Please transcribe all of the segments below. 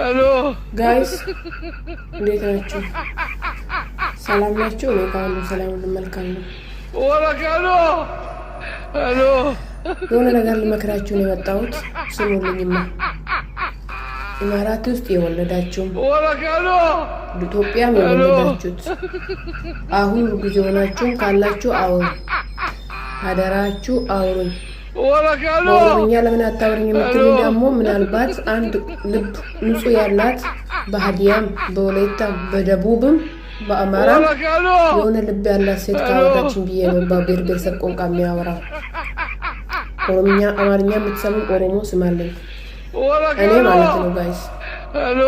ሄሎ ጋይስ እንዴት ናቸው ሰላም ናቸው እኔ ካሉ ሰላም እንመልካል ነው ወረካሎ ሄሎ የሆነ ነገር ልመክራችሁ ነው የመጣሁት። ስሙልኝማ ኢማራት ውስጥ የወለዳችሁም ወረካሎ ኢትዮጵያም የወለዳችሁት አሁን እርጉዝ ሆናችሁም ካላችሁ አውሩ፣ አደራችሁ አውሩኝ። ኦሮምኛ ለምን አታወሪኝ የምትል ደግሞ ምናልባት አንድ ልብ ንጹህ ያላት በሀዲያም በወላይታም በደቡብም በአማራ የሆነ ልብ ያላት ሴት ካወራችን ብዬ ነው። በብሔር ብሔረሰብ ቋንቋ የሚያወራው ኦሮምኛ፣ አማርኛ የምትሰሙም ኦሮሞ ስማለኝ እኔ ማለት ነው። ጋይስ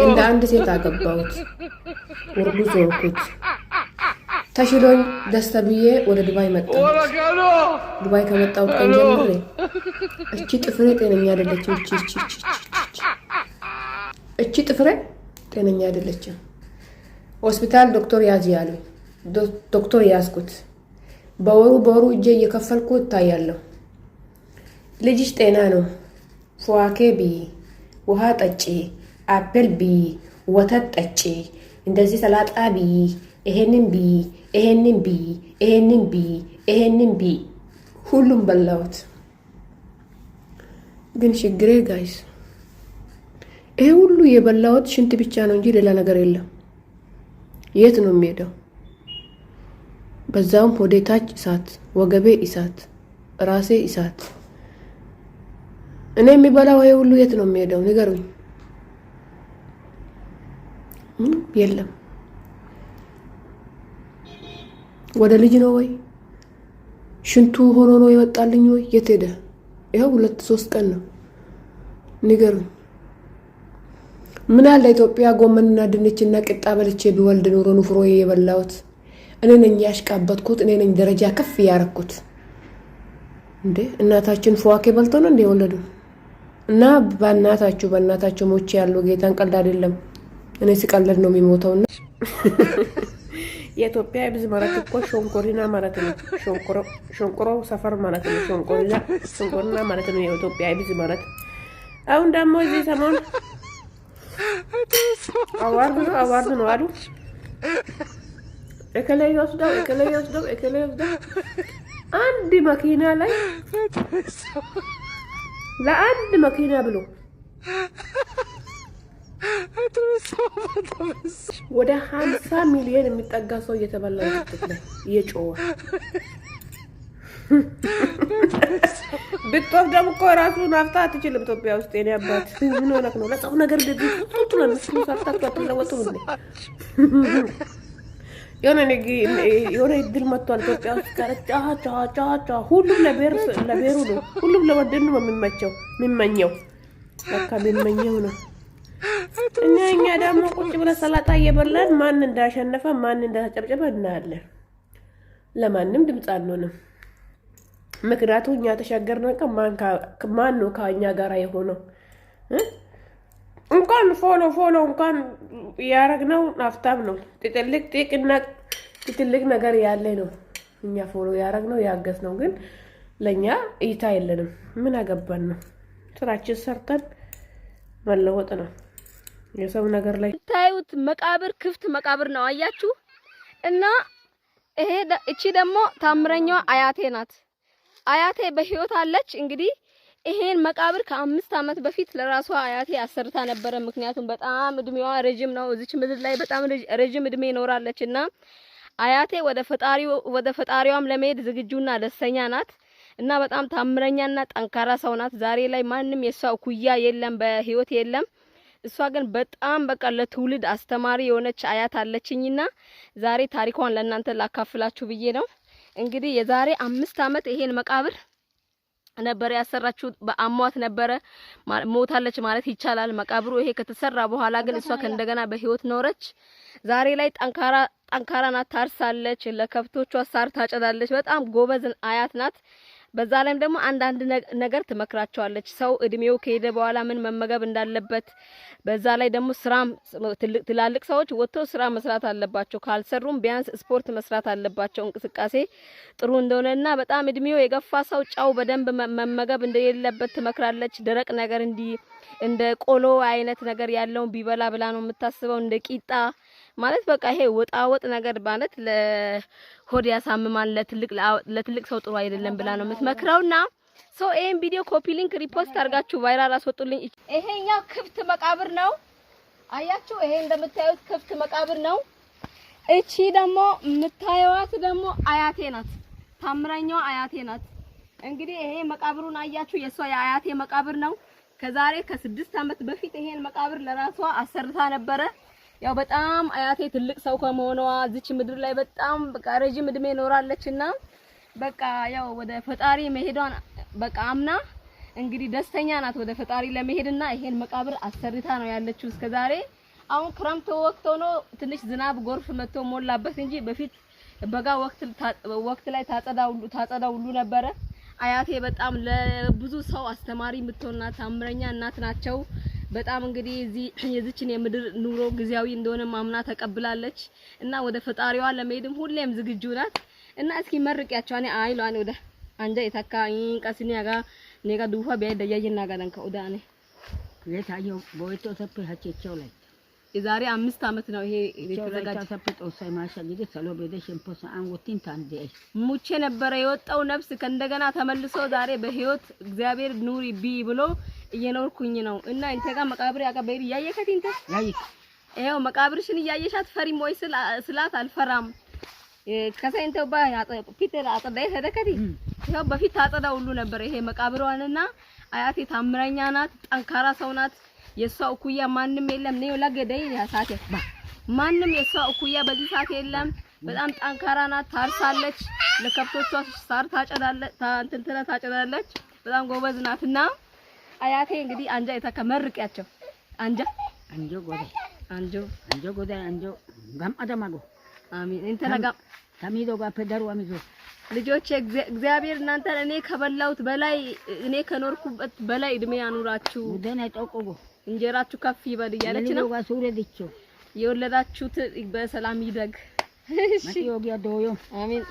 እንደ አንድ ሴት አገባሁት፣ ውርጉዝ ሆንኩት። ተሽሎኝ ደስተ ብዬ ወደ ዱባይ መጣሁ። ዱባይ ከመጣሁ ቀን ጀምሬ እቺ ጥፍሬ ጤነኛ አይደለችም። እቺ ጥፍሬ ጤነኛ አይደለችም። ሆስፒታል ዶክተር ያዝ ያሉኝ፣ ዶክተር ያዝኩት። በወሩ በወሩ እጄ እየከፈልኩ እታያለሁ። ልጅሽ ጤና ነው፣ ፏዋኬ ብይ፣ ውሃ ጠጪ፣ አፕል ብይ፣ ወተት ጠጪ፣ እንደዚህ ሰላጣ ብይ፣ ይሄንን ብይ ይሄንን ቢ ይሄንን ቢ ይሄንን ቢ ሁሉም በላሁት። ግን ችግሬ ጋይስ ይሄ ሁሉ የበላሁት ሽንት ብቻ ነው እንጂ ሌላ ነገር የለም። የት ነው የሚሄደው? በዛውም ሆዴ ታች እሳት፣ ወገቤ እሳት፣ ራሴ እሳት። እኔ የሚበላው ይሄ ሁሉ የት ነው የሚሄደው? ንገሩኝ። የለም ወደ ልጅ ነው ወይ ሽንቱ ሆኖ ነው የመጣልኝ ወይ የት ሄደ? ይኸው ሁለት ሶስት ቀን ነው። ንገሩኝ። ምን አለ ኢትዮጵያ ጎመንና ድንችና ቅጣ በልቼ ቢወልድ ኑሮ ንፍሮ የበላሁት እኔ ነኝ ያሽቃበትኩት፣ እኔ ነኝ ደረጃ ከፍ ያረኩት። እንዴ እናታችን ፏዋኬ በልቶ ነው እንደ የወለዱ እና በእናታችሁ በእናታችሁ ሞቼ ያለው ጌታን ቀልድ አይደለም። እኔ ስቀልድ ነው የሚሞተውና የኢትዮጵያ የብዝ ማለት እኮ ሾንኮሪና ማለት ነው። ሾንቆሮ ሰፈር ማለት ነው። ሾንኮሪና ሾንኮሪና ማለት ነው የኢትዮጵያ የብዝ ማለት። አሁን ደግሞ እዚህ ሰሞን አዋርድ ነው አዋርድ ነው አሉ። እከላይ ወስደው እከላይ ወስደው እከላይ ወስደው አንድ መኪና ላይ ለአንድ መኪና ብሎ ወደ ሀምሳ ሚሊዮን የሚጠጋ ሰው እየተበላ ነው እየጮኸ ብትወፍ ደግሞ እኮ ራሱን አፍታ አትችልም። ኢትዮጵያ ውስጥ የኔ አባት ምን ሆነክ ነው? ለጸው ነገር ደግ ጡጡ የሆነ የሆነ እድል መጥቷል ኢትዮጵያ ውስጥ ጋር ጫጫጫ ሁሉም ለብሔሩ ነው። ሁሉም ለወደኑ ነው የሚመቸው የሚመኘው። በቃ የሚመኘው ነው እኛ እኛ ደግሞ ቁጭ ብለን ሰላጣ እየበላን ማን እንዳሸነፈ ማን እንዳተጨብጨበ እናያለን። ለማንም ድምፅ አንሆንም። ምክንያቱ እኛ ተሻገርን ቀን ማን ነው ከእኛ ጋር የሆነው? እንኳን ፎሎ ፎሎ እንኳን ያረግነው ሀብታም ነው ትልቅ ጥቅና ትልቅ ነገር ያለ ነው። እኛ ፎሎ ያረግነው ያገዝ ነው፣ ግን ለእኛ እይታ የለንም። ምን አገባን ነው ስራችን ሰርተን መለወጥ ነው። የሰው ነገር ላይ ታዩት። መቃብር ክፍት መቃብር ነው አያችሁ። እና ይሄ እቺ ደግሞ ታምረኛዋ አያቴ ናት። አያቴ በህይወት አለች። እንግዲህ ይሄን መቃብር ከአምስት አመት በፊት ለራሷ አያቴ አሰርታ ነበረ። ምክንያቱም በጣም እድሜዋ ረጅም ነው። እዚች ምድር ላይ በጣም ረጅም እድሜ ይኖራለች እና አያቴ ወደ ፈጣሪው ወደ ፈጣሪዋም ለመሄድ ዝግጁና ደስተኛ ናት እና በጣም ታምረኛና ጠንካራ ሰው ናት። ዛሬ ላይ ማንም የሷ እኩያ የለም፣ በህይወት የለም። እሷ ግን በጣም በቃ ለትውልድ አስተማሪ የሆነች አያት አለችኝና ዛሬ ታሪኳን ለእናንተ ላካፍላችሁ ብዬ ነው። እንግዲህ የዛሬ አምስት ዓመት ይሄን መቃብር ነበረ ያሰራችሁ በአሟት ነበረ ሞታለች ማለት ይቻላል። መቃብሩ ይሄ ከተሰራ በኋላ ግን እሷ ከእንደገና በህይወት ኖረች። ዛሬ ላይ ጠንካራ ጠንካራ ናት። ታርሳለች፣ ለከብቶቿ ሳር ታጨዳለች። በጣም ጎበዝ አያት ናት። በዛ ላይም ደግሞ አንዳንድ ነገር ትመክራቸዋለች። ሰው እድሜው ከሄደ በኋላ ምን መመገብ እንዳለበት፣ በዛ ላይ ደግሞ ስራም ትላልቅ ሰዎች ወጥቶ ስራ መስራት አለባቸው። ካልሰሩም ቢያንስ ስፖርት መስራት አለባቸው። እንቅስቃሴ ጥሩ እንደሆነና በጣም እድሜው የገፋ ሰው ጨው በደንብ መመገብ እንደሌለበት ትመክራለች። ደረቅ ነገር እንዲ እንደ ቆሎ አይነት ነገር ያለውን ቢበላ ብላ ነው የምታስበው እንደ ቂጣ ማለት በቃ ይሄ ወጣ ወጥ ነገር ማለት ለሆድ ያሳምማል፣ ለትልቅ ለትልቅ ሰው ጥሩ አይደለም ብላ ነው የምትመክረውና ሶ ይሄን ቪዲዮ ኮፒ ሊንክ ሪፖስት አድርጋችሁ ቫይራል አስወጡልኝ። ይሄኛው ክፍት መቃብር ነው። አያችሁ፣ ይሄ እንደምታዩት ክፍት መቃብር ነው። እቺ ደግሞ የምታዩዋት ደግሞ አያቴ ናት። ታምረኛዋ አያቴ ናት። እንግዲህ ይሄ መቃብሩን አያችሁ፣ የሷ የአያቴ መቃብር ነው። ከዛሬ ከስድስት ዓመት በፊት ይሄን መቃብር ለራሷ አሰርታ ነበረ። ያው በጣም አያቴ ትልቅ ሰው ከመሆኗ እዚች ምድር ላይ በጣም በቃ ረጅም እድሜ ኖራለችና በቃ ያው ወደ ፈጣሪ መሄዷን በቃ አምና እንግዲህ ደስተኛ ናት ወደ ፈጣሪ ለመሄድና ይሄን መቃብር አሰርታ ነው ያለችው እስከዛሬ። አሁን ክረምት ወቅት ሆኖ ትንሽ ዝናብ ጎርፍ መጥቶ ሞላበት እንጂ በፊት በጋ ወቅት ላይ ታጸዳ ሁሉ ነበረ። አያቴ በጣም ለብዙ ሰው አስተማሪ የምትሆንና ታምረኛ እናት ናቸው። በጣም እንግዲህ የዚችን የምድር ኑሮ ጊዜያዊ እንደሆነ ማምና ተቀብላለች እና ወደ ፈጣሪዋ ለመሄድም ሁሌም ዝግጁ ናት እና እስኪ መርቂያቸው አኔ አይሎ አኔ ወደ አንጃ የታካ ቀስኒ ያጋ ኔጋ ዱፋ ቢያይ ደያየና ጋደንከ ወደ እኔ የታየው ቦይቶ ሰፕ ሀቸቸው ላይ የዛሬ አምስት ዓመት ነው ይሄ ሰሎ ታንዴ ሙቼ ነበረ የወጣው ነፍስ ከእንደገና ተመልሶ ዛሬ በህይወት እግዚአብሔር ኑሪ ቢ ብሎ እየኖርኩኝ ነው እና አንተ ጋር መቃብር ያቀበይር እያየከት እንተ ያይክ ይሄው መቃብርሽን እያየሻት ፈሪም ወይ ስላት አልፈራም ከሰይ እንተ ባ ፒተር አጥዳይ ተደከቲ ይሄው በፊት ታጸዳ ሁሉ ነበር። ይሄ መቃብሯንና አያቴ ታምረኛ ናት፣ ጠንካራ ሰው ናት። የሷ እኩያ ማንም የለም ነው ለገደይ ያሳተ ማንም የሷ እኩያ በዚህ ሰዓት የለም። በጣም ጠንካራ ናት። ታርሳለች፣ ለከብቶቿ ሳር ታጨዳለች፣ ታንተና ታጨዳለች። በጣም ጎበዝ ናትና አያቴ እንግዲህ አንጃ የታከ መርቂያቸው አንጃ አንጆ ጎዳ አንጆ አንጆ ጎዳ አንጆ ጋም አደማጎ አሚን እንተናጋ ታሚዶ ጋ ፈደሩ አሚዞ ልጆቼ እግዚአብሔር እናንተ እኔ ከበላሁት በላይ እኔ ከኖርኩበት በላይ እድሜ ያኑራችሁ። ደና ጠቆጎ እንጀራችሁ ከፍ ይበል እያለች ነው ጋ የወለዳችሁት በሰላም ይደግ። እሺ ዶዮ አሚን